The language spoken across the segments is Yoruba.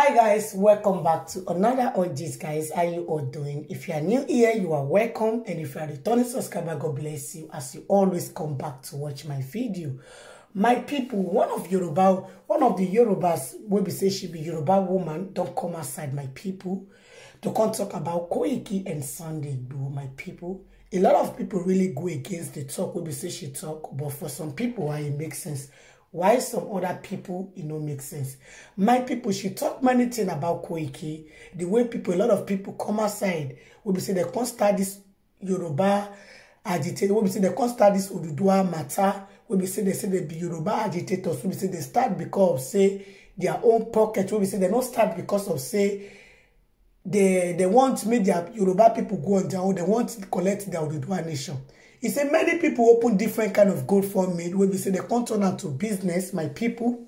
hi guys welcome back to another OGs guys how you all doing if you are new here you are welcome and if you are returning subscriber god bless you as you always come back to watch my video my people one of Yoruba one of the Yorubas wey be say she be Yoruba woman Don't come outside my people to come talk about Koiki and Sunday do my people a lot of people really go against the talk wey be say she talk but for some people why it makes sense Why some other people, it no make sense. My people she talk many things about Koiki. The way people, a lot of people come outside, will be say they can't start this Yoruba agitator. Will be say they can't start this Odudua matter. Will be say they say they be Yoruba agitators. Will be say they start because of say their own pocket. Will be say they not start because of say they they want make their Yoruba people go on their own. They want to collect their Odudua nation. He say many people open different kind of gold for me We be say dem come turn am to business my people,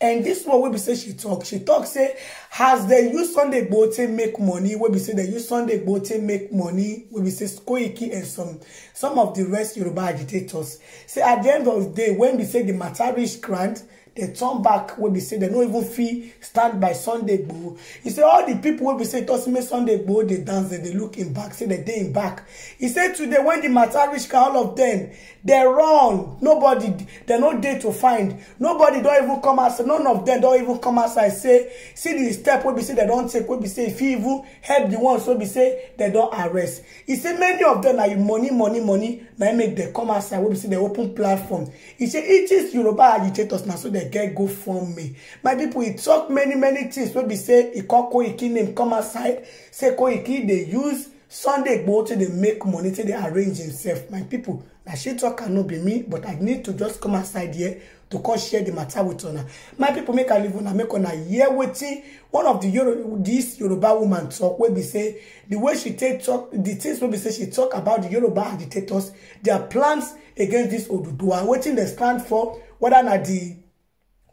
and this one we be say she talk. she tok say as dem use sunday gboote make money We be say the use sunday gboote make money We be say skoiki and some some of the rest yoruba agitators say at the end of di day when we say the matter reach grand they turn back wey be say dem no even fit stand by sunday gboo e say all di pipo wey be say tosi make sunday gboo dey dance dem dey look im back say dem dey im back e say today wen di matter reach all of dem dem run nobody dem no dey to find nobody don even come outside none of dem don even come outside say see di step wey be say dem don take wey be say e fit even help di ones wey be say dem don arrest e say many of dem na money money money na make dem come outside wey be say dem open platform e say it is yoruba agitators na so dem get go fund me my people. e talk many many things. We be say e call koiki name come aside say koiki They use sunday gboo to dey make money to dey arrange himself my people, na she talk cannot be me but i need to just come aside here to come share the matter with una my people, make i live on. make on una hear wetin one of the Euro, this yoruba woman talk. We be say the way she take talk. The things we be say she talk about the yoruba agitators Their plans against dis oduduwa waiting. dem stand for whether na the.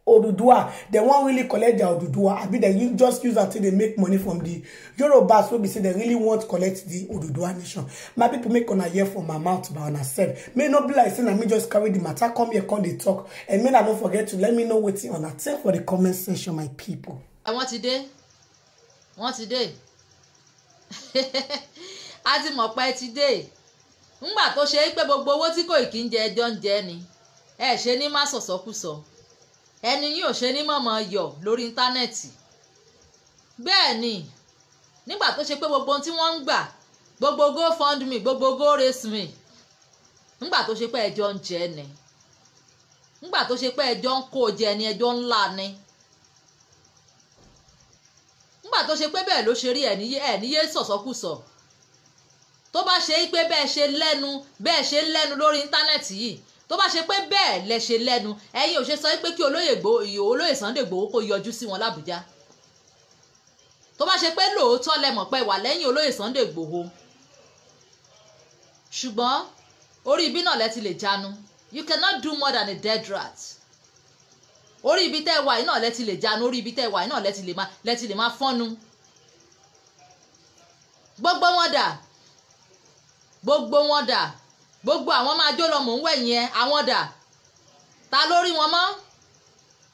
Odudua. They won't really collect their Odudua. I mean, they just use until they make money from the Yorubas. So be say they really want to collect the Odudua nation. My people make on a year for my mouth by on herself. May not be like saying I may just carry the matter. Come here, come they talk. And may I don't forget to let me know what's on that for the comment section, my people. I want today. Want today. dé a ti mọ̀ pé ti dé ńgbà tó ṣe but what's it owó tí kò kí journey. jẹ ẹjọ́ ni ẹ ṣe So, so, ẹni yìí ò ṣe ní mọ̀mọ́ yọ̀ lórí íńtánẹ́ẹ̀tì bẹ́ẹ̀ ni nígbà tó ṣe pé gbogbo ohun tí wọ́n ń gbà gbogbo go fund me gbogbo go raise me nígbà tó ṣe pé ẹjọ́ ń jẹ ni nígbà tó ṣe pé ẹjọ́ ń kó jẹ ni ẹjọ́ ńlá ni nígbà tó ṣe pé bẹ́ẹ̀ ló ṣe rí ẹ̀ níyé ẹ̀ níyé sọ̀sọ́kùsọ̀ tó bá ṣe é pé bẹ́ẹ̀ ṣe lẹ́nu bẹ́ẹ̀ ṣe lẹ́nu lórí íńtánẹ́ẹ̀tì yìí tó bá ṣe pé bẹ́ẹ̀ lẹ ṣe lẹ́nu ẹ̀yin ò ṣe sọ pé kí olóyè gbó olóyè Sunday Igboho kó yọjú sí wọn l'Àbújá tó bá ṣe pé lóòótọ́ lẹ mọ̀ pé wà lẹ́yìn olóyè Sunday Igboho ṣùgbọ́n orí ibi náà lẹ ti lè jánu you cannot do more than a dead rat orí ibi tẹ́ ẹ wà yìí náà lẹ ti lè jánu orí ibi tẹ́ ẹ wà yìí náà lẹ ti lè máa lẹ ti lè máa fọ́nu gbogbo wọn dà gbogbo wọn dà gbogbo àwọn máa jó lọ mò ń wẹ̀yìn ẹ àwọn dà ta ló wọn mọ́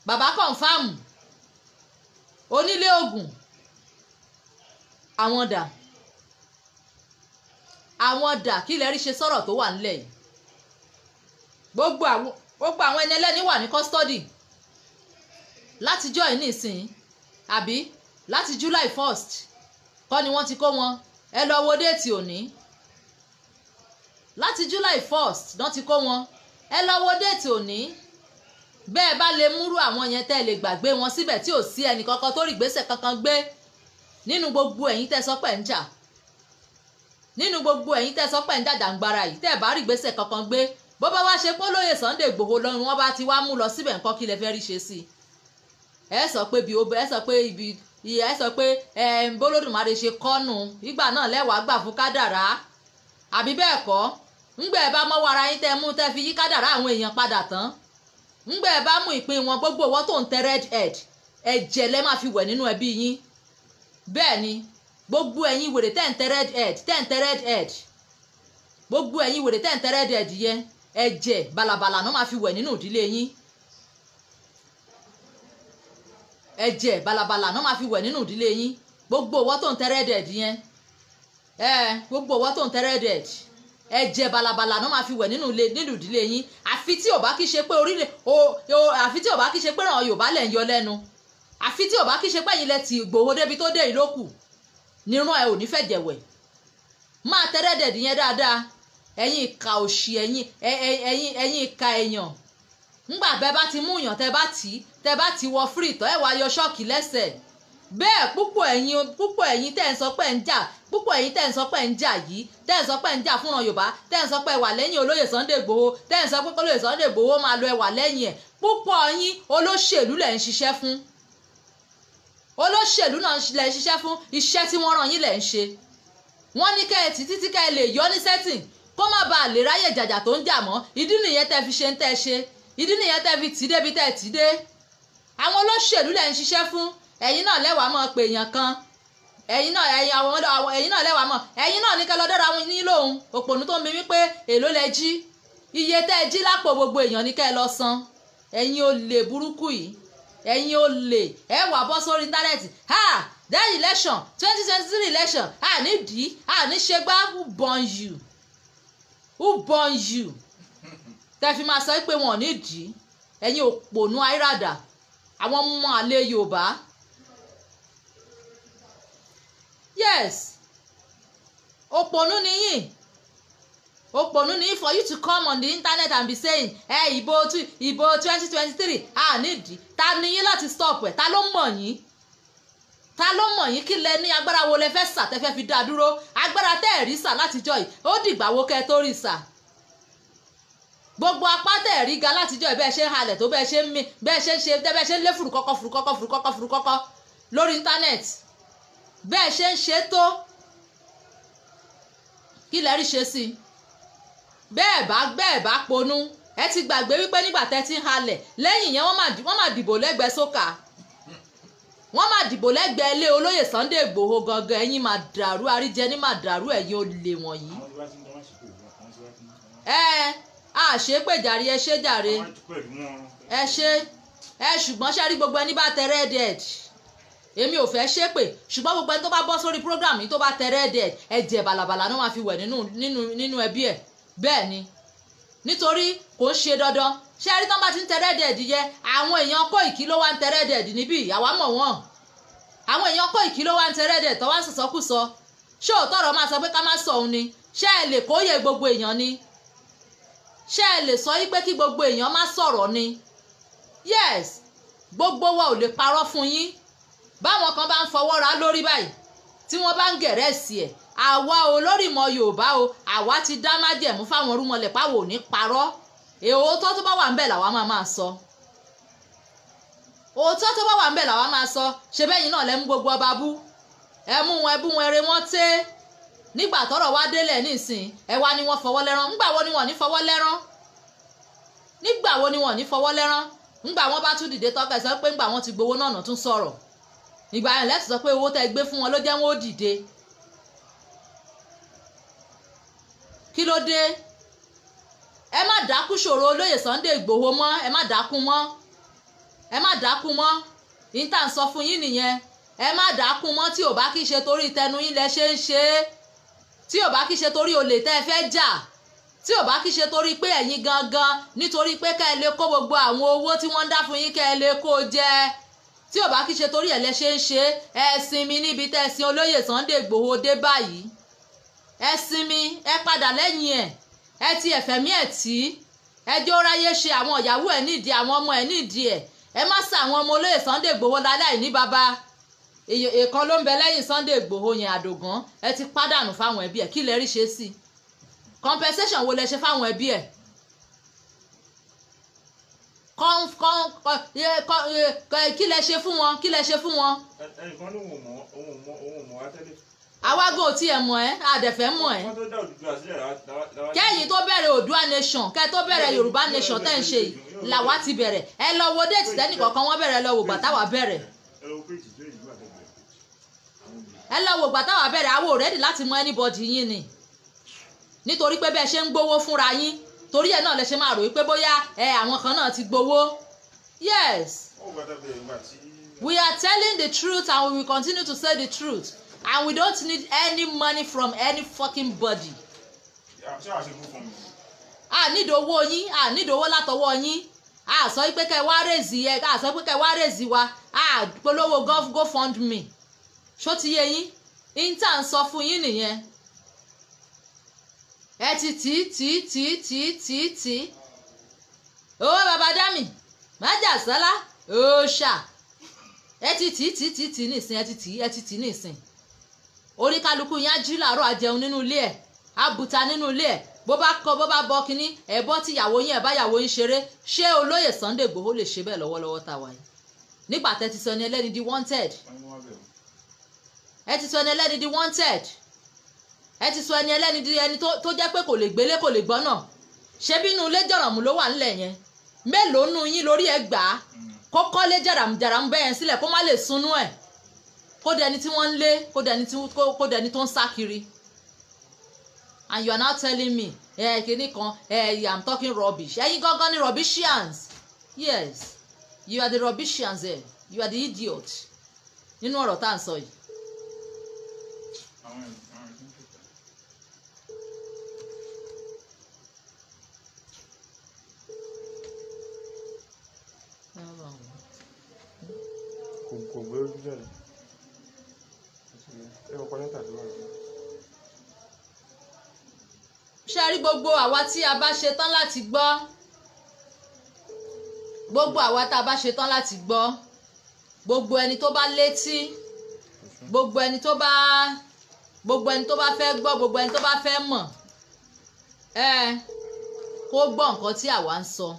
bàbá kọ̀ǹfàmù onílé ogun àwọn dà àwọn dà kí lè rí ṣe sọ̀rọ̀ tó wà nílẹ̀ yìí gbogbo àwọn gbogbo àwọn ẹni ẹlẹ́ni wà ní kọ́sítọ́dì látijọ́ yìí nìsín àbí láti July 1st kọ́ ni wọ́n ti kó wọn ẹ lọ wo déètì òní láti July 1st náà ti kó wọn ẹ lọ wo déètì òní bẹ́ẹ̀ bá lè múrú àwọn yẹn tẹ́ lè gbàgbé wọn síbẹ̀ tí ò sí ẹnì kankan tó rí ìgbésẹ̀ kankan gbé nínú gbogbo ẹ̀yin tẹ́ sọ pé ń jà nínú gbogbo ẹ̀yin tẹ́ sọ pé ń dàdàǹgbara yìí tẹ́ bá rí ìgbésẹ̀ kankan gbé bó bá wá ṣe pólóyè Sunday Igboho lọ́run wọ́n bá ti wá mú lọ síbẹ̀ nǹkan kí lẹ fẹ́ rí ṣe sí i ẹ sọ pé ibi ẹ sọ pé ibi ẹ sọ pé ẹ ń bólódùmarè ṣe kọ́nù ìgbà náà lẹ́wàá gbà fún kádàrá àbí bẹ́ẹ̀ kọ́ ńgbẹ́ ẹ bá mọ́wọ́ ara yín tẹ́ mú tẹ́ fi yí kádàrá àwọn èèyàn padà tán ńgbẹ́ ẹ bá mú ìpín wọn gbogbo owó tó ń tẹ red head ẹ̀jẹ̀ lẹ́ máa fi wẹ̀ nínú ẹbí yín bẹ́ẹ̀ ni gbogbo ẹ̀yin wèrè tẹ́ ń tẹ red head tẹ́ ń tẹ red head gbogbo ẹ̀yin wèrè tẹ́ ń tẹ red head yẹn ẹ̀jẹ̀ balabala náà máa fi wẹ̀ nínú ìdílé yín ẹ̀jẹ̀ balabala náà máa fi wẹ̀ nínú ìdílé yín gbogbo owó tó ń tẹ red head yẹn gbogbo ọwọ́ tó ń tẹ́rẹ́ dẹ̀ ẹ̀jẹ̀ balabala náà máa fi wẹ̀ nínú ìdílé yín àfi tí ò bá kí ṣe pé orílẹ̀ àfi tí ò bá kí ṣe pé ràn Yorùbá lẹ̀ ń yọ lẹ́nu àfi tí ò bá kí ṣe pé ẹ̀yin lẹ ti gbòho débi tó dé ìlókù nírún ẹ ò ní fẹ́ jẹ̀wẹ̀ máa tẹ́rẹ́ dẹ̀ dìyẹn dáadáa ẹ̀yin ìka òṣì ẹ̀yin ẹ̀yin ẹ̀yin ìka èèyàn ńgbà bẹ́ẹ̀ bá ti mú yàn tẹ́ bá tì tẹ́ bá ti wọ fírìtọ́ ẹ̀ wá yọ ṣọ́ọ̀kì lẹ́sẹ̀ bẹ́ẹ̀ púpọ̀ ẹ̀yin púpọ̀ ẹ̀yin tẹ́ ń sọ pé ń jà púpọ̀ ẹ̀yin tẹ́ ń sọ pé ń jà yìí tẹ́ ń sọ pé ń jà fúnra Yorùbá tẹ́ ń sọ pé wà lẹ́yìn olóyè Sunday Igboho tẹ́ ń sọ pé olóyè Sunday Igboho máa lọ ẹwà lẹ́yìn ẹ̀ púpọ̀ ẹ̀yin olóṣèlú lẹ̀ ń ṣiṣẹ́ fún olóṣèlú náà lẹ̀ ń ṣiṣẹ́ fún iṣẹ́ tí wọ́n rán yín lẹ̀ ń ṣe wọ́n ní kẹ́ ẹ àwọn olóṣèlú lẹ̀ ń ṣiṣẹ́ fún ẹ̀yin náà lẹ́wàá mọ̀ pé èèyàn kan ẹ̀yin náà ẹ̀yin àwọn ọmọdé àwọn ẹ̀yin náà lẹ́wàá mọ̀ ẹ̀yin náà ní kẹ́ lọ dára wọn ní lòun òpònú tó ń bi wípé èló lẹ jí iye tẹ́ ẹ jí lápò gbogbo èèyàn ní kẹ́ ẹ lọ san ẹ̀yin olè burúkú yìí ẹ̀yin olè ẹ wà bọ́ sórí íńtánẹ́ẹ̀tì ha that election twenty twenty three election a ní dì í a ní ṣe gbá who born you who born you tẹ́ fi máa sọ pé wọn ò ní dì í ẹ̀yin òpònú ayírádà àwọn ọmọ àlè Yorùbá yes òpònú ni yín òpònú ni for you to come on the internet and be saying "Hey, ẹ ìbò ìbò twenty twenty three a nídìí ta ni yín láti stop ẹ ta ló mọ̀ yín ta ló mọ̀ yín kí lẹ ní agbára wo lẹ fẹ́ sà tẹ́ fẹ́ fi dá dúró agbára tẹ́ ẹ̀ rí sà látijọ́ yìí ó dìgbà wo kẹ́ ẹ tó rí sà gbogbo apá tẹ̀ rí ga látijọ́ bẹ́ẹ̀ ṣe ń halẹ̀ tó bẹ́ẹ̀ ṣe ń mi bẹ́ẹ̀ ṣe ń ṣe bẹ́ẹ̀ ṣe ń lé fùrùkọ́kọ́ fùrùkọ́kọ́ fùrùkọ́kọ́ fùrùkọ́kọ́ lórí íńtánẹ́ẹ̀tì bẹ́ẹ̀ ṣe ń ṣe tó kí lẹ́rí ṣe sí i bẹ́ẹ̀ bá bẹ́ẹ̀ bá ponú ẹ ti gbàgbé wípé nígbà tẹ́ ti ń halẹ̀ lẹ́yìn yẹn wọ́n máa dìbò lẹ́gbẹ̀ẹ́ sókà wọ́n máa dìbò lẹ́gbẹ̀ẹ́ ilé olóyè Sunday Igboho gangan ẹ̀yin máa dàrú àríjẹ ní máa dàrú ẹ̀yin olè wọ̀nyí. ẹ á ṣe é pèjàre ẹ ṣe jàre ẹ ṣe ẹ ṣùgbọ́n ṣe rí gbogbo ẹni bá tẹ rẹ́ẹ̀dẹ̀ẹ̀dì èmi ò fẹ́ ṣépè ṣùgbọ́n gbogbo ẹni tó bá bọ́ sórí program yìí tó bá tẹrẹ ẹdẹ ẹ̀jẹ̀ bàlàbàlà náà máa fi wẹ̀ nínú nínú nínú ẹbí ẹ̀ bẹ́ẹ̀ ni nítorí kò ń ṣe dandan ṣé ẹrí tán bá ti ń tẹrẹ ẹdẹ ẹdì yẹ àwọn èèyàn kó ìkí ló wá ń tẹrẹ ẹdẹ ẹdì níbí àwa mọ̀ wọ́n àwọn èèyàn kó ìkí ló wá ń tẹrẹ ẹdẹ tó wá ń sọ̀sọ́kùsọ ṣé òótọ́ ọ̀rọ̀ máa sọ pé ká má sọ òun ni ṣé ẹ lè kóyè gbogbo èèyàn ni ṣé ẹ lè sọ wípé kí gbogbo èèyàn má sọ̀rọ̀ ni yes gbogbo wa ò lè parọ́ fún yín báwọn kan bá ń fọwọ́ ra lórí báyìí tí wọ́n bá ń gẹ̀rẹ́sì ẹ̀ àwa o lórí ìmọ̀ yorùbá o àwa ti dá májẹ̀mú fáwọn orúmọlẹ̀ páwo ò ní parọ́ òótọ́ tó bá wà ń bẹ̀ làwa máa máa sọ òótọ́ tó bá wà ń bẹ̀ làwa máa sọ ṣe bẹ́yìn náà lẹ́mú gbogbo ọba bú ẹ mú wọn ẹ wọn eré wọn té nígbà tọ́rọ̀ wá délẹ̀ nísìn ẹ wá ní wọn fọwọ́ lẹ́rán ńgbà wo ni wọn ní fọwọ́ lẹ́rán nígbà wo ni wọn ní fọwọ́ lẹ́rán ńgbà wọn bá tún dìde tọ́ka ẹ sọ pé ńgbà wọn ti gbowó náà tún sọ̀rọ̀ ìgbà yẹn lẹ́sìn sọ pé owó tẹ́ gbé fún wọn ló jẹ́ wọn ó dìde kí ló dé ẹ má dákú ṣòro olóyè Sunday Ìgbòho mọ́ ẹ má dákú mọ́ ẹ má dákú mọ́ yín tà ń sọ fún yín nìyẹn ẹ má dákú mọ́ tí ò bá kí ṣe torí tẹnu yín lẹ ṣe ń ṣe é tí ò bá kí ṣe torí olè tẹ́ ẹ fẹ́ jà tí ò bá kí ṣe torí pé ẹ̀yin gangan nítorí pé kẹ́ ẹ lè kó gbogbo àwọn owó tí wọ́n ń dá fún yín kẹ́ ẹ lè kó jẹ tí ò bá kí ṣe torí ẹ̀ lẹ ṣe ń ṣe ẹ sinmi níbi tẹ́ ẹ sin olóyè Sunday Igboho dé báyìí ẹ sinmi ẹ padà lẹ́yìn ẹ̀ ẹ ti ẹ̀fẹ̀mí ẹ̀ tí ẹ jẹ́ ó ráyé ṣe àwọn ìyàwó ẹ̀ nídìí àwọn ọmọ ẹ̀ nídìí ẹ̀ ẹ má sa àwọn ọmọ olóyè Sunday Igboho láláì ní bàbá èèkan ló ń bẹ lẹ́yìn Sunday Igboho yẹn àdògán ẹ ti pàdánù fáwọn ẹbí ẹ̀ kí lẹ rí ṣe sí compensation wo lẹ ṣe fáwọn ẹbí ẹ̀ kàn kàn kàn kí lẹ ṣe fún wọn kí lẹ ṣe fún wọn. ẹnìkan ní òun mọ òun mọ òun mọ àtẹlẹ. awágò tí ẹ mọ ẹ àdẹfẹ mọ ẹ. kẹ́yìn tó bẹ̀rẹ̀ Oòduà nation kẹ́ tó bẹ̀rẹ̀ Yorùbá nation tẹ́ ń ṣe yìí làwa ti bẹ̀rẹ̀ ẹ lọ wo déètì tẹ́nìkọ̀ọ̀kan wọ́n bẹ̀rẹ̀ lọ wò gbàtàwà bẹ̀rẹ̀ ẹ lọ wò gbàtàwà bẹ̀rẹ̀ àwọn already láti mọ anybody yín ni nítorí pé bẹ́ẹ̀ ṣe ń gbowó fúnra yín torí ẹ̀ náà lè ṣe máa rò wípé bóyá ẹ àwọn kan náà ti gbowó yes we are telling the truth and we will continue to say the truth and we don't need any money from any fucking body. a nídìí owó yín a nídìí owó látọwọ́ yín a sọ pé kẹ́ wá rèzì ẹ a sọ pé kẹ́ wá rèzì wa a polówó gofundme ṣó ti yé yín intan sọ fún yín nìyẹn ẹ ti tì í tì í tì í tì í tì í tì í owó baba dami májà sálá ẹ ti tì í tì í tì í tì í nìsín ẹ ti tì í ẹ ti tì í nìsín oníkálukú yẹn á jí làárọ̀ àjẹun nínú ilé ẹ̀ á bùta nínú ilé ẹ̀ bó bá kọ bó bá bọ kínní ẹ̀bọ́ tí ìyàwó yín ẹ̀ bá ìyàwó yín ṣeré ṣé olóyè Sunday Igboho lè ṣe bẹ́ẹ̀ lọ́wọ́lọ́wọ́ tá a wà yìí nígbà tẹ́ ti sọ ni ẹlẹ́ni di wanted ẹ ti sọ ni ẹlẹ́ni di wanted ẹ ti sọ ẹni ẹlẹ́ni di ẹni tó jẹ́ pé kò lè gbélé kò lè gbọ́nà ṣé bínú ilé jàràmù ló wà ńlẹ̀ yẹn mélòó nu yín lórí ẹ gbà á kó kọ́lé jàràmù jàràmù bẹ́yẹn sílẹ̀ kó má lè sunú ẹ̀ kó dẹni tí wọ́n ń lé kó dẹni tó ń sá kiri and you are now telling me ẹ kìíní kan ẹ i am talking rubbish ẹyin gangan ni rubbishians yes you are the rubbishians eh? you are the idiot nínú ọ̀rọ̀ tá à ń sọ yìí kò gbé ojú sẹ́nu ṣe rí gbogbo àwa tí a bá ṣe tán láti gbọ́ gbogbo àwa tá a bá ṣe tán láti gbọ́ gbogbo ẹni tó bá létí gbogbo ẹni tó bá gbogbo ẹni tó bá fẹ́ gbọ́ gbogbo ẹni tó bá fẹ́ mọ̀ ẹ kó gbọ́ nǹkan tí àwa ń sọ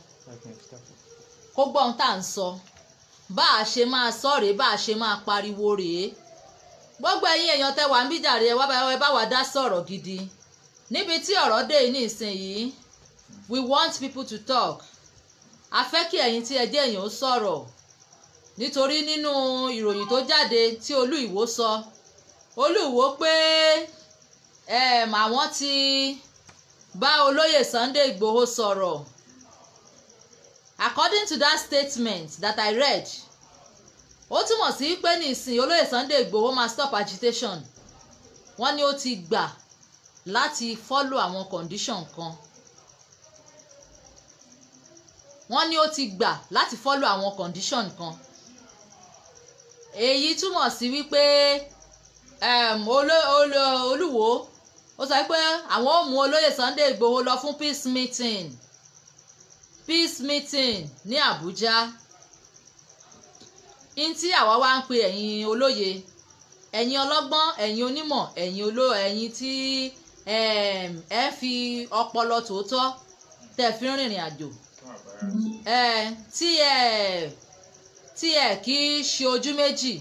kó gbọ́ ohun tá à ń sọ. So bá a ṣe máa sọ rèé bá a ṣe máa pariwo rèé gbogbo ẹ̀yin èèyàn tẹ́ wà ń bíjàre ẹ wá bá wa dá sọ̀rọ̀ gidi níbi tí ọ̀rọ̀ dé ní ìsinyìí we want people to talk a fẹ́ kí ẹ̀yin tí ẹ jẹ́ èèyàn sọ̀rọ̀ nítorí nínú ìròyìn tó jáde tí olú ìwò sọ olú ìwò pé àwọn ti bá olóyè Sunday Ìgbòho sọ̀rọ̀ according to that statement that I read ó túmọ̀ sí pé ní ìsìn olóyè Sunday Igboho máa stop agitation wọ́n ní ó ti gbà láti follow àwọn condition kan wọ́n ní ó ti gbà láti follow àwọn condition kan èyí túmọ̀ sí wípé um, olúwo ó sọ pé àwọn ò mú olóyè Sunday Igboho lọ fún peace meeting peace meeting ní abuja. n tí àwa wá ń pe ẹ̀yin olóye ẹ̀yin ọlọ́gbọ́n ẹ̀yin onímọ̀ ẹ̀yin oló ẹ̀yin tí ehm, ẹ fi ọpọlọ tòótọ́ tẹ̀ fi ń rìnrìn àjò tí ẹ tí ẹ kì í ṣe ojú méjì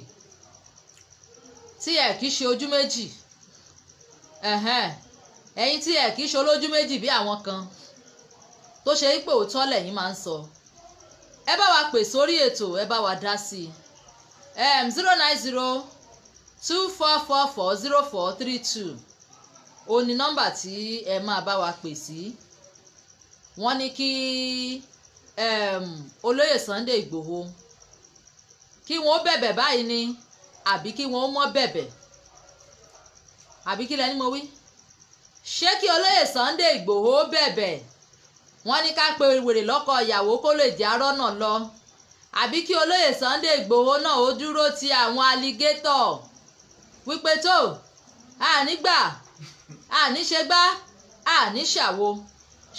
tí ẹ kì í ṣe ojú méjì ẹ̀yin tí ẹ kì í ṣe olójú méjì bí àwọn kan tó ṣe pé òótọ́ lẹ́yìn máa ń sọ ẹ bá wa pè sórí ètò ẹ bá wa dá sí i zero nine zero two four four four zero four three two ó ní nọ́mbà tí ẹ máa bá wa pè sí wọ́n ní kí olóyè Sunday Ìgbòho kí wọ́n bẹ̀bẹ̀ báyìí ni àbí kí wọ́n mọ́ bẹ̀bẹ̀ àbí kí lẹ́ni mo wí ṣé kí olóyè Sunday Ìgbòho bẹ̀bẹ̀ wọ́n ní ká pe wèrè lọ́kọ ìyàwó kó lè jẹ́ arọ́nà lọ àbí kí olóyè Sunday Ìgbòho náà ó dúró ti àwọn alligator wípé tó àní gbà àní ṣe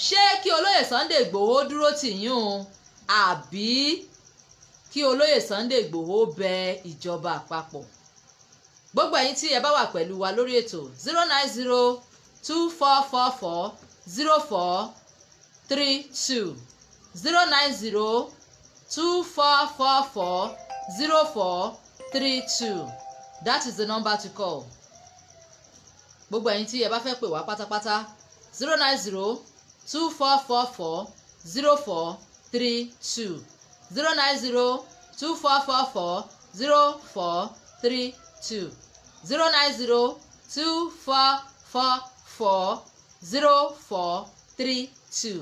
ṣé kí olóyè Sunday Ìgbòho dúró tì yín o àbí kí olóyè Sunday Ìgbòho bẹ ìjọba àpapọ̀ gbogbo ẹ̀yin tí ẹ bá wà pẹ̀lú wa lórí ètò zero nine zero two four four four zero four three two zero nine zero two four four four zero four three two that is the number to call gbogbo ẹ̀yin tí ẹ bá fẹ́ pè wá pátápátá zero nine zero two four four four zero four three two zero nine zero two four four four zero four three two zero nine zero two four four four zero four three two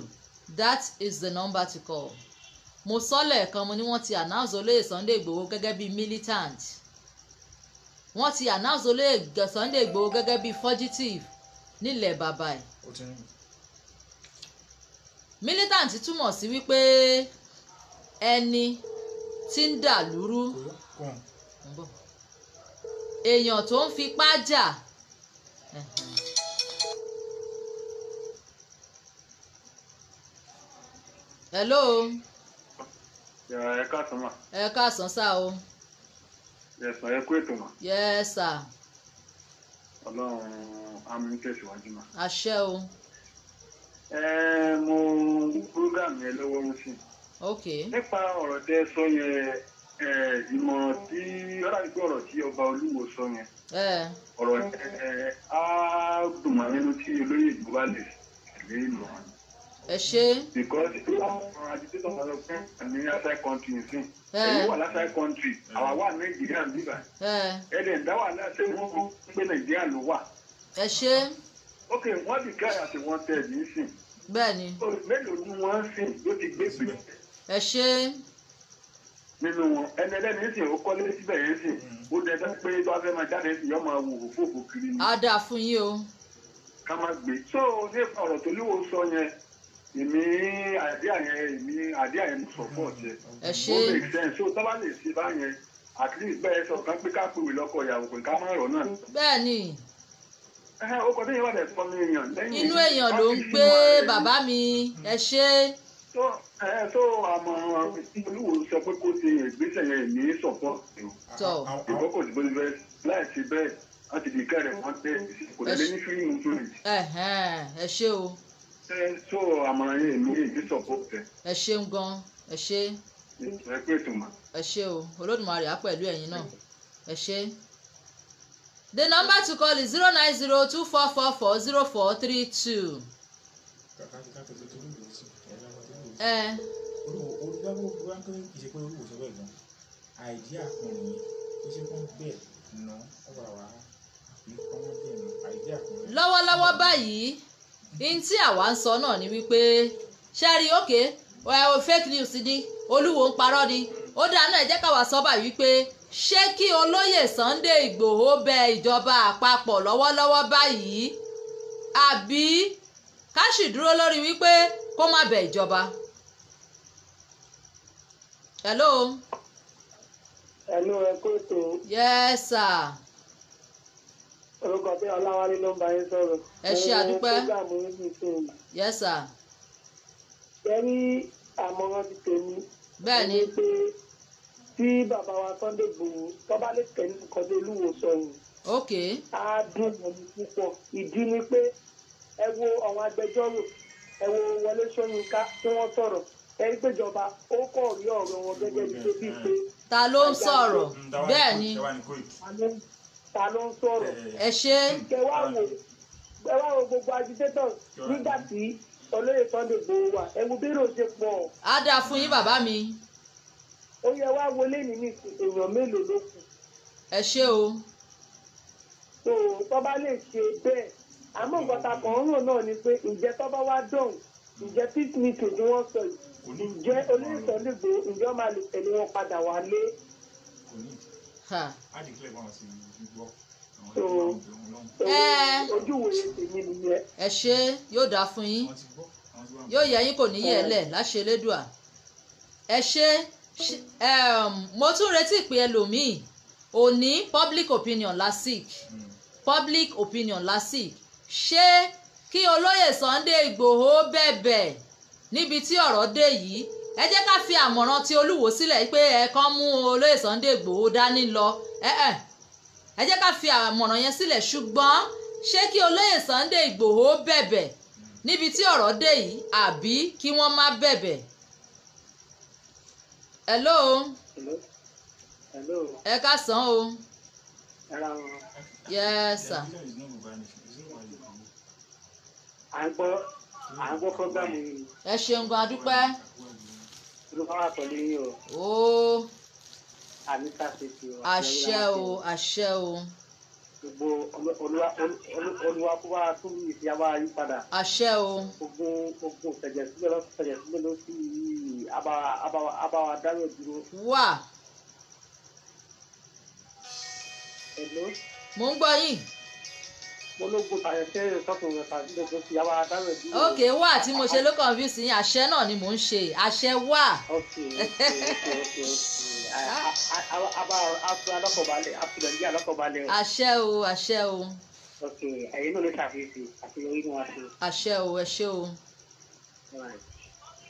that is the number to call mo sọ lẹ́ẹ̀kan mo ní wọ́n ti announce olóyè Sunday Igboho gẹ́gẹ́ bíi militant wọ́n ti announce olóyè Sunday Igboho gẹ́gẹ́ bíi fugitive nílẹ̀ bàbá ẹ̀ militant túmọ̀ sí wípé ẹni tí ń dà lúrú èèyàn tó ń fipá jà. Uh-huh. hello. ẹ káàsán mà. ẹ káàsán sá o. yẹsà ẹ kú ètò mà. yẹsà. ọlọ́run á mú tẹ̀síwájú mà. àṣẹ o. ẹ mo program yẹn lọ́wọ́ ń sìn. ok. nípa ọ̀rọ̀ tẹ sọ yẹn ìmọ̀ràn tí ọ̀rọ̀ àti ọ̀rọ̀ tí ọba olúwo sọ yẹn ọ̀rọ̀ ẹ̀ á dùn mọ́ nínú tí olóyè ìjọba lè tẹ̀lé ìmọ̀ràn ẹ ṣe. because if one agitator ma sọ pé àmì outside country n sin èyí wà outside country àwa wà nàìjíríà níbà ẹ̀ẹ́dẹ̀ ń dá wà láti wọ́n kó pé nàìjíríà ló wà. ẹ ṣe. ok wọ́n ti káyà tí wọ́n tẹ̀ ní sìn. bẹ́ẹ̀ni. mélòó ni wọ́n ń sìn ló ti gbé gbé. ẹ ṣe. nínú wọn ẹni ẹlẹ́ni sìn ó kọ́lé síbẹ̀ yẹn sìn ó dẹ́gbẹ́ pé tó a fẹ́ máa jáde sìn yọ́ máa wò ó fòfò kiri ni. á dà fún yín o. ká má gbé so nípa ọ̀rọ̀ tó líwo sọ yẹn èmi àdí àyẹn èmi àdí àyẹn mo support ẹ ẹ ṣe ó make sense so lè ṣe báyẹn at least bẹ́ẹ̀ sọ kan pé ká pèwé lọ́kọ̀ ìyàwó pé ká má rọ̀ náà. bẹ́ẹ̀ ni ó kọ déyìn wàdẹ fún mi èèyàn lẹ́yìn inú èèyàn ló ń gbé bàbá mi ẹ ṣe. tó ẹ tó àmọ̀ràn olúwo sọ pé kó ṣe ìgbésẹ̀ yẹn ní sọ̀pọ̀ ìkókò ìdìbò ní bẹ́ẹ̀ láì ṣe bẹ́ẹ̀ láti di ìkẹ́rẹ̀ wọn tẹ̀ kò ṣé tó àmọ̀ràn yìí mi yìí bí sọ̀pọ̀tẹ̀. ẹ ṣeun gan ẹ ṣe. ẹ pé ìtumọ̀. ẹ ṣe o olódùmarè á pẹ̀lú ẹ̀yin náà ẹ ṣe. the number to call is zero nine zero two four four four zero four three two. ẹ. olùdámọ̀ bá ń pè é kì í ṣe pé olùwòsàn bẹ́ẹ̀ gan àìdí àpọ̀nrún yìí kì í ṣe pé ń bẹ̀ nà ọ̀gbà wàhálà lọ́wọ́lọ́wọ́ báyìí in tí àwa ń sọ náà ni wípé ṣẹ́rí òkè fake news ni olúwo ń parọ́ ni ó dáná náà ẹ jẹ́ wípé ṣé kí olóyè Sunday igbòho bẹ ìjọba àpapọ̀ lọ́wọ́lọ́wọ́ báyìí àbí ká sì dúró lórí wípé kó má bẹ ìjọba. hello. hello ẹ kó tó. yes sir. orúkọ tí ọláwálé ló ń bá yín sọ̀rọ̀. ẹ ṣe àdúpẹ́ yes sir. kẹ́rí ti tèmi. bẹ́ẹ̀ pé tí bàbá wa Sunday Igboho tọ́ba lè tẹ̀lé nǹkan tó lúwo sọ̀rọ̀. ok. á dùn mọ́ni púpọ̀ ìdí ni pé ẹ wo àwọn agbẹjọ́rò ẹ wo Wọlé Ṣóyínká tí wọ́n sọ̀rọ̀ ẹ ó kọ̀ rí ọ̀rọ̀ wọn gẹ́gẹ́ bí pé. ta ló ń sọ̀rọ̀ bẹ́ẹ̀ ni ta ló ń sọ̀rọ̀. Eh, eh. ẹ ṣe. ẹ wá wo gbogbo agitators nígbà tí olóyè sunday gbòó wà ẹ wo bí ròṣe pọ̀. á dáa fún yín bàbá mi. ó yẹ wá wọlé nínú èèyàn mélòó ló kù. ẹ ṣe o. tó o tó bá lè ṣe bẹ́ẹ̀ àmọ́ nǹkan ta kàn ń rò náà ni pé ǹjẹ́ tó bá wá dùn ǹjẹ́ píkìnìkì ni wọ́n sọ yìí ǹjẹ́ olóyè sunday gbòó ǹjẹ́ máa lè tẹ̀lé wọn padà wálé. Eh. ojú wo ni tèmi nìyẹn. ẹ ṣe yóò dáa fún yín yóò yẹ yín kò ní yẹ lẹ láṣẹ lẹdùá ẹ ṣe um, mo tún retí pé ẹlòmíì òní public opinion lasic hmm. public opinion lasic ṣé kí olóyè Sunday Ìgbòho bẹ̀bẹ̀ níbi tí ọ̀rọ̀ dé yìí ẹ jẹ́ ká fi àmọ̀ràn ti olúwo sílẹ̀ pé ẹ kàn mú olóyè Sunday Igboho dání lọ ẹ ẹ ẹ jẹ́ ká fi àmọ̀ràn yẹn sílẹ̀ ṣùgbọ́n ṣé kí olóyè Sunday Igboho bẹ̀bẹ̀ níbi tí ọ̀rọ̀ dé yìí àbí kí wọ́n má bẹ̀bẹ̀. hello. hello. ẹ ká sàn o. hello. yes sir. à ń gbọ́ à ń gbọ́ fọ́gbàmù ẹ ṣeun gan adúpẹ́ olùkọ́ wà pẹ̀lú yín o. ó àmì àṣẹ o àṣẹ o. gbogbo olúwa kó wá tún ìfìyà wá àṣẹ o. ogun ogun fẹ̀jẹ̀ sílẹ̀ lọ́sùn fẹ̀jẹ̀ sílẹ̀ lọ́sùn yìí abáwa dáyọ̀ dúró. wà. mo ń gbọ́ yín ok wá tí mo ṣe ló confuse yín àṣẹ náà ni mò ń ṣe àṣẹ wá. àṣẹ o àṣẹ o. ẹ̀yin náà ló ṣàfihàn àṣeyọrí ni wọ́n ṣe. àṣẹ o ẹ ṣé o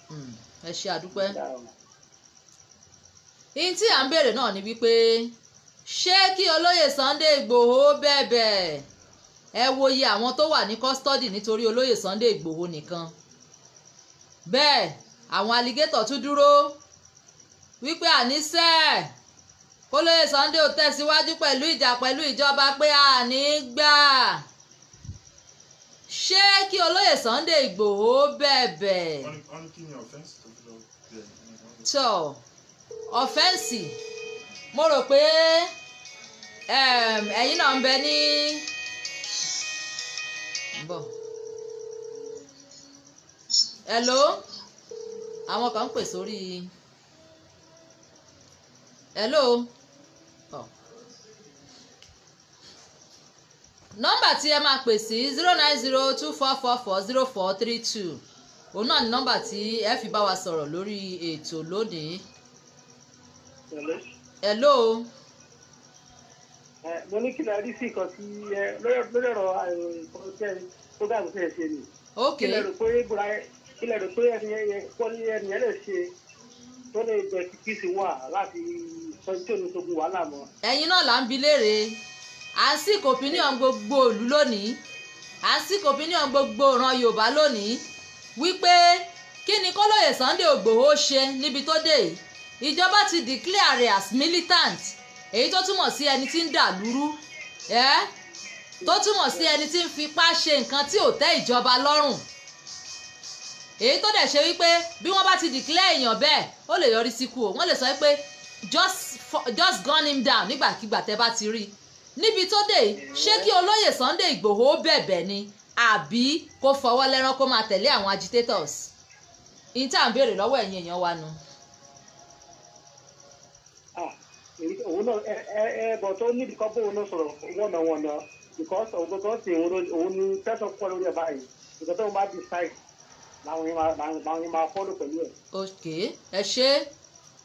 hmm, ẹ ṣe àdúpẹ́. ihun tí à ń béèrè náà ni wípé ṣé kí olóyè Sunday Ìgbòho bẹ̀bẹ̀ ẹ wo iye àwọn tó wà ní kọ́sítọ́dì nítorí olóyè Sunday Ìgbòho nìkan bẹ́ẹ̀ àwọn alligator tún dúró wípé àníṣe kólóyè Sunday ò tẹ̀síwájú pẹ̀lú ìjà pẹ̀lú ìjọba pé àní gbà ṣé kí olóyè Sunday Ìgbòho bẹ̀bẹ̀ tọ́ ọ̀fẹ́ǹsì mo rò pé ẹ̀yin náà ń bẹ ní bọ̀ hello àwọn kan ń pè sórí hello ọ̀ nọ́mbà tí ẹ máa pè sí zero nine zero two four four four zero four three two òun náà ni nọ́mbà tí ẹ fi bá wa sọ̀rọ̀ lórí ètò lónìí. hello. hello? mo ní kí lè rí sí nǹkan tí lórí ọ̀rọ̀ program tẹ̀ ṣe ni kí lè rò pé gbọ́dọ̀ kí lè rò pé ẹni ẹ lè ṣe tó lè jẹ kí sì wà láti sọjú tó ní sógun wàhálà mọ́. ẹ̀yin náà là ń bi léèrè àsìkò opinion gbogbo ìlú lónìí àsìkò opinion gbogbo ìran Yorùbá lónìí wípé kí ni kólóyè Sunday Igboho ṣe níbi tó dé ìjọba ti declare as militant èyí tó túmọ̀ sí ẹni tí ń dà lúrú ẹ́ tó túmọ̀ sí ẹni tí ń fipá ṣe nǹkan tí ò tẹ́ ìjọba lọ́rùn èyí tó dẹ̀ ṣe wípé bí wọ́n bá ti dìklẹ́ èèyàn bẹ́ẹ̀ ó lè yọrí sí kú o wọ́n lè sọ pé just just gun him down nígbàkigbà tẹ́ bá ti rí níbi tó dé ṣé kí olóyè Sunday Ìgbòho bẹ̀bẹ̀ ni àbí kó fọwọ́ lẹ́rán kó máa tẹ̀lé àwọn agitators ìyí tá à ń béèrè lọ́wọ́ ẹ̀yin èèyàn wa nu. òun náà ẹ ẹ bọ̀ tó níbi kan bóun náà sọ̀rọ̀ wọ̀nàwọ̀nà because òun tó sì òun ní tẹ́sán pọ̀ lórí ẹ̀ báyìí ìgbà tó ń bá decide làwọn yẹn máa fọ́lù pẹ̀lú ẹ̀. ok ẹ ṣe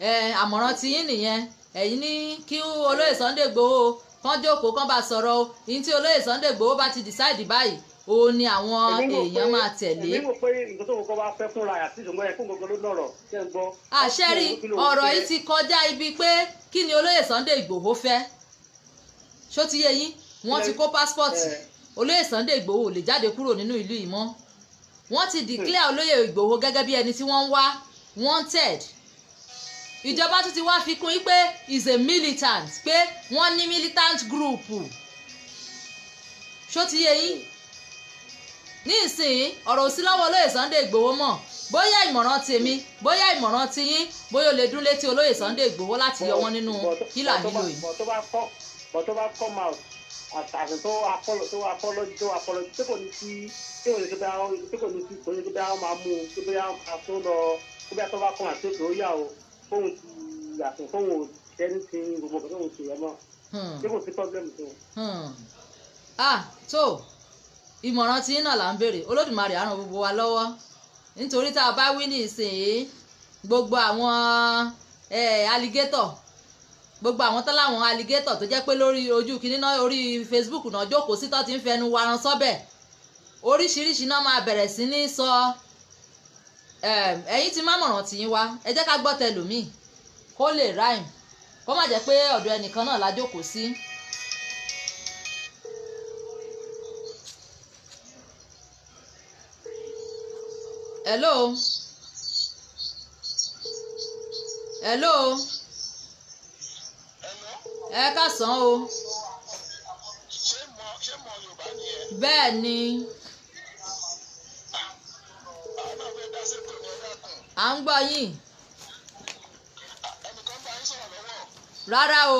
ẹ àmọ̀ràn ti yín nìyẹn ẹ̀yin ní kí olóyè Sunday Igboho kán jókòó kán bá sọ̀rọ̀ o ìyín tí olóyè Sunday Igboho bá ti decide báyìí ó ní àwọn èèyàn máa tẹ̀lé. èmi rò pé nǹkan tó ń kọ́ bá fẹ́ fúnra àti ìdùnnú ẹ̀ kó gbogbo ló lọ̀rọ̀ ṣe ń gbọ́. àṣẹ́rí ọ̀rọ̀ yìí ti kọjá ibi pé kí ni olóyè Sunday Ìgbòho fẹ́ ṣó ti yé yín wọ́n ti kó pásítọ̀tì olóyè Sunday Ìgbòho lè jáde kúrò nínú ìlú yìí mọ́ wọ́n ti declare hmm. olóyè Ìgbòho gẹ́gẹ́ bí ẹni tí wọ́n ń wá wanted ìjọba tún ti wá fi kún pé is a militant pé wọ́n militant group ṣó ti yé yín hmm ní ìsìn ọ̀rọ̀ òsì lọ́wọ́ olóyè Sunday Ìgbòho mọ̀ bóyá ìmọ̀ràn tèmi bóyá ìmọ̀ràn tiyín bóyá o lè dún létí olóyè Sunday Ìgbòho láti yọ wọn nínú kílà nílò yìí. bọ̀ tó bá kọ́ bọ̀ tó bá kọ́ máa àtàkùn tó apọ́lọ tó apọ́lọ tó apọ́lọ tí kò ní sí tí kò ní sí bóyá tí kò ní sí tó ní sí bóyá máa mú un tó bóyá máa tó lọ tó bóyá tó bá kún àti ètò yà o fóun ti yàtọ̀ fóun ò tẹ́ni ti gbogbo fóun ti yẹ mọ́ tí hmm. kò sí pọ́blẹ́mù tó. Hmm. Ah, ìmọ̀ràn tí náà là ń béèrè olódùmarè á ràn gbogbo wa lọ́wọ́ nítorí tá a bá wí ní ìsìn gbogbo àwọn alligator gbogbo àwọn tán láwọn alligator tó jẹ́ pé lórí ojú kìíní náà orí Facebook náà jókòó sí tó ti ń fẹnu waran sọ́bẹ̀ oríṣiríṣi náà máa bẹ̀rẹ̀ sí ní sọ ẹ̀yin ti má mọ̀ràn tì yín wá ẹ jẹ́ ká gbọ́ tẹlòmíì kó lè ráìm kó má jẹ́ pé ọ̀dọ̀ ẹnìkan náà la jókòó sí. Si hello hello ẹ kásán o bẹ́ẹ̀ ni ah, à ń gbọ́ yín ah, rárá o.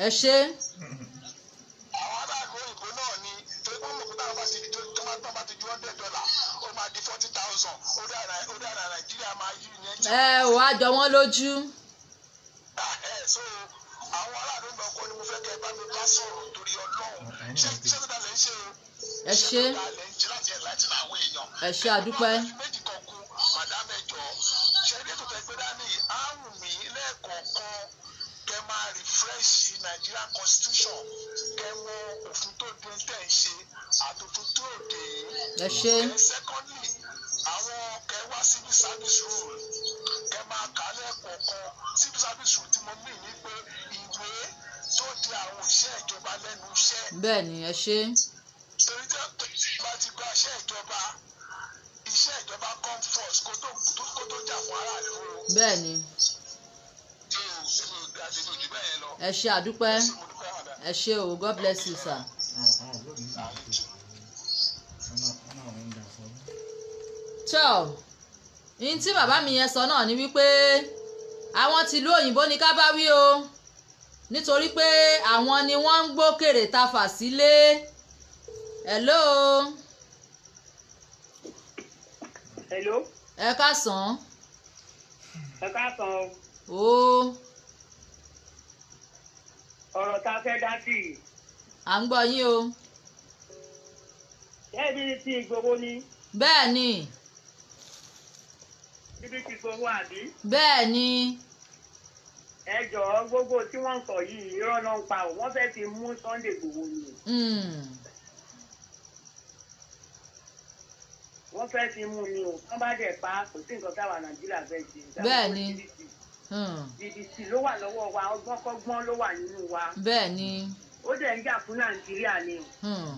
ẹ ṣe. àwọn aráàlú òyìnbó náà ni torí pé mo kó bá síbi bá ti ju hundred dollar ó máa di forty thousand ó dára nàìjíríà máa yí ìyẹn jẹ. ẹ ò jọ wọn lójú. Ah, àwọn aráàlú ń lọ kó ni mo fẹ́ kẹ́ bá mi bá sọ̀rọ̀ torí ọlọ́run ṣé ṣé tó dalẹ̀ ń ṣe o. ẹ ṣe ẹ ṣe àdúpẹ́. méjì kan kú màdámẹ́jọ ṣẹ́ni ètò tẹ́gbẹ́dá ní àrùn mi lẹ́ẹ̀kọ̀ọ̀kan kẹ máa refresh Nigeria constitution kẹ wo òfin tó dé tẹ̀ ń ṣe àtòfin tó dé ẹ ṣe secondly àwọn kẹ wá civil service rule kẹ máa kà á lẹ́ẹ̀kọ̀ọ́ kan civil service rule tí mo mì ní pé ìwé tó di àwọn òṣìṣẹ́ ìjọba lẹ́nu iṣẹ́. bẹ́ẹ̀ ẹ ṣe. torí tí wọ́n bá ti gba iṣẹ́ ìjọba iṣẹ́ ìjọba come first kó tó jà fún aráàlú. bẹ́ẹ̀ ẹ ṣe àdúpẹ́ ẹ ṣe o God bless you sir. tọ́ ní tí bàbá mi yẹn sọ náà ni wípé àwọn tìlú òyìnbó ni ká bá wí o nítorí pé àwọn ni wọ́n ń gbókèrè tafà sílé hello. hello. ẹ ká sàn. ẹ ká sàn o. ooo. Oh ọ̀rọ̀ tá a fẹ́ dá sí i. à ń gbọ́ yín o. ẹbí ti Ìgbòho ni. bẹ́ẹ̀ ni. ibi tí Ìgbòho àbí. bẹ́ẹ̀ ni. ẹ jọ̀ọ́ gbogbo tí wọ́n ń sọ yìí irọ́ náà ń pa ò wọ́n fẹ́ ti mú Sunday Ìgbòho ni. Hmm. wọ́n fẹ́ ti mú ni o wọ́n bá dẹ̀ pa kò sí nǹkan táwa Nàìjíríà fẹ́ ṣe. bẹ́ẹ̀ ni jìbìtì hmm. ló wà lọ́wọ́ wa ọgbọ́n kọ́gbọ́n ló wà nínú wa. bẹ́ẹ̀ ni. ó dẹ̀ ń jà fún nàìjíríà ni. Hmm.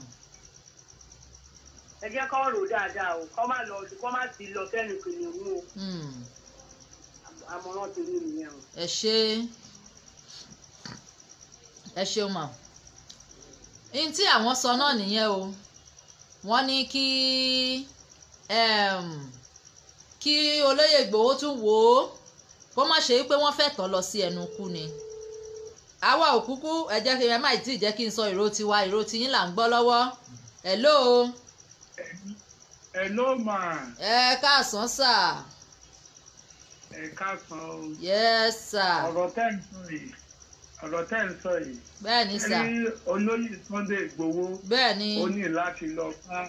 ẹ jẹ́ kọ́ rò dáadáa o kọ́ má lọ kọ́ má ti lọ sẹ́nu kìnìún o. Hmm. àmọ̀ràn tèmi nìyẹn o. ẹ ṣe ẹ ṣeun mà n tí àwọn sọ náà nìyẹn o wọ́n ní kí kí olóyè Ìgbòho tún wò ó kó má ṣe wípé wọ́n fẹ́ tọ́ lọ sí ẹnu kú ni àwa ò kúkú ẹ jẹ́ kí ẹ má tí ì jẹ́ kí n sọ ìró tiwa ìró tiyín là ń gbọ́ lọ́wọ́ hello. hello ma. ẹ káàsán sà. ẹ káàsán o. yes sà. ọ̀rọ̀ tẹ́ ń sọ yìí ọ̀rọ̀ tẹ́ ń sọ yìí. bẹ́ẹ̀ ni sà. ẹ olóyè Sunday Igboho. bẹ́ẹ̀ ni. ó ní láti lọ bá